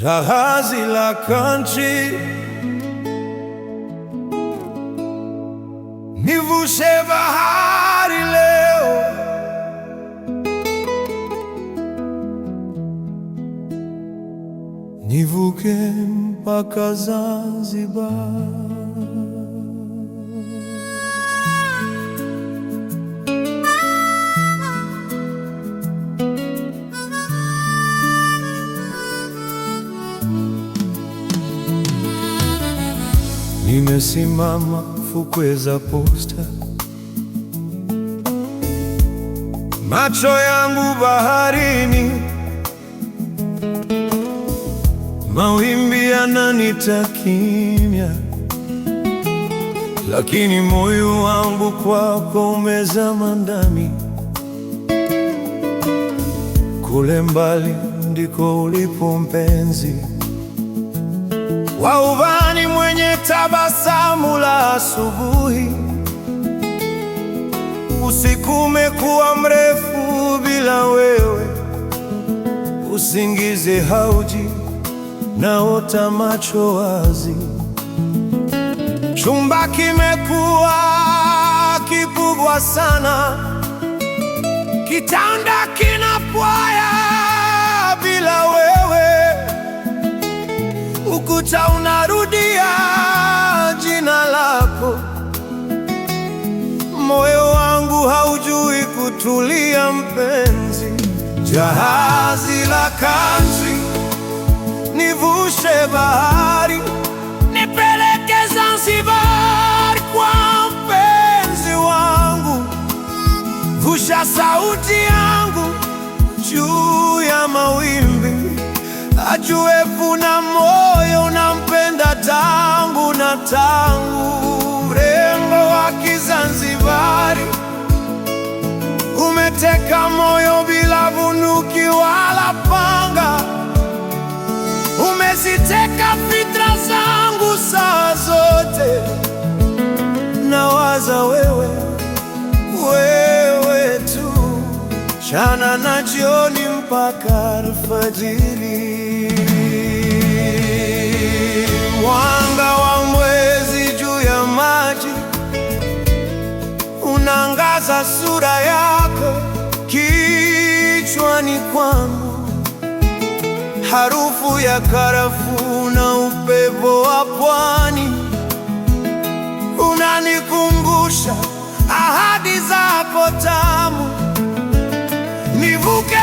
Jahazi la kanchi nivushe bahari leo, nivuke mpaka Zanzibar. Nimesimama fukwe za posta, macho yangu baharini, mawimbi yananita kimya, lakini moyo wangu kwako umezama ndani. Kule mbali ndiko ulipo mpenzi wa Wauvani mwenye tabasamu la asubuhi, usiku umekuwa mrefu bila wewe, usingizi hauji, naota macho wazi, chumba kimekuwa kikubwa sana, kitanda kinapwaya kucha unarudia jina lako, moyo wangu haujui kutulia mpenzi. Jahazi la country nivushe bahari, nipeleke Zanzibar kwa mpenzi wangu, vusha sauti yangu juu ya mawimbi, ajuwe kuna moyo tangu urembo wa Kizanzibari umeteka moyo bila bunduki wala panga, umeziteka fitra zangu saa zote, nawaza wewe, wewe tu, chana na jioni mpaka alfajiri. sasa sura yako kichwani kwangu, harufu ya karafuu na upepo wa pwani unanikumbusha ahadi zako tamu, nivuke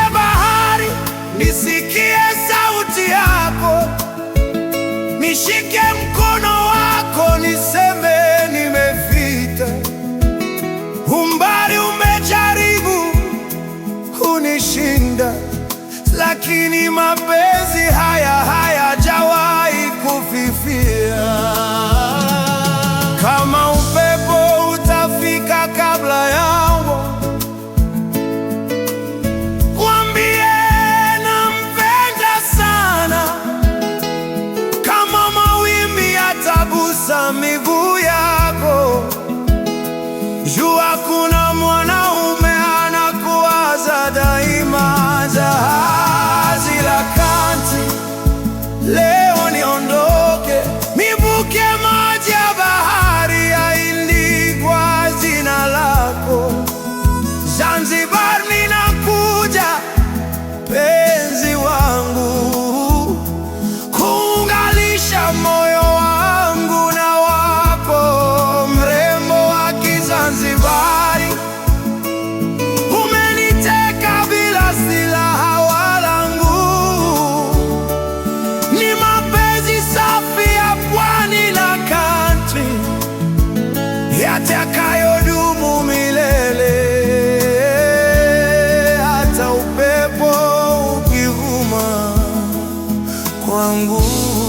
万物。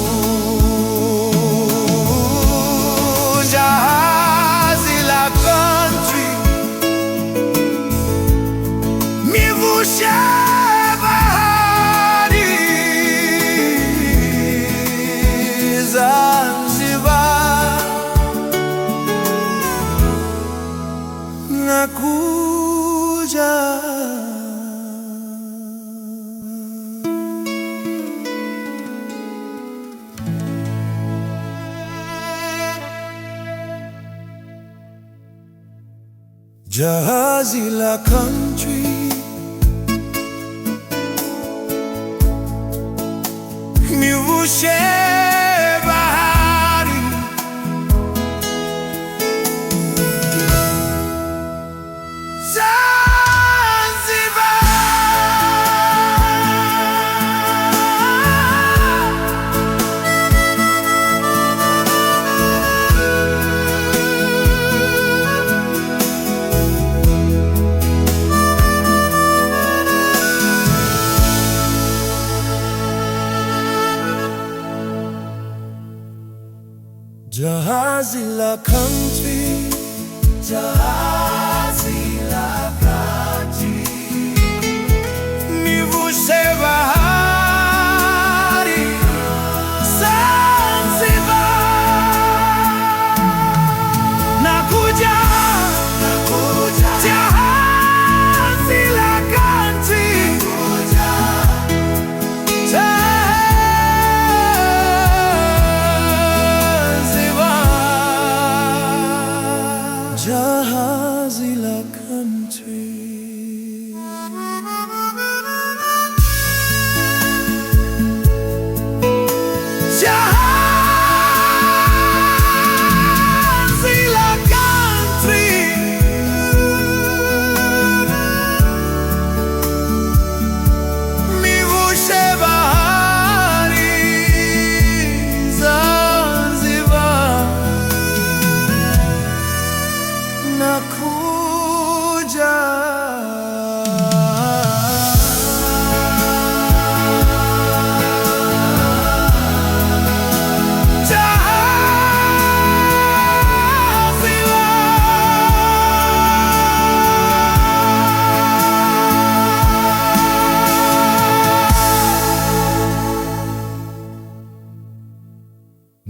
Jahazi la country nivushe Jahazi la country, Jahazi la country. mi vous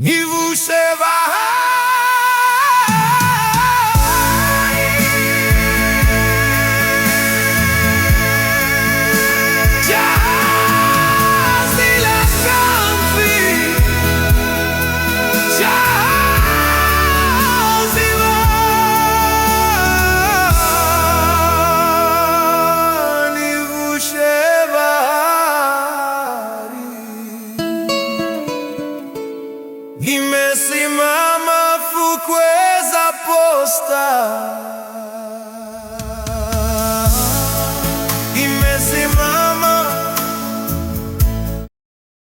E você vai. Nimesimama fukwe za posta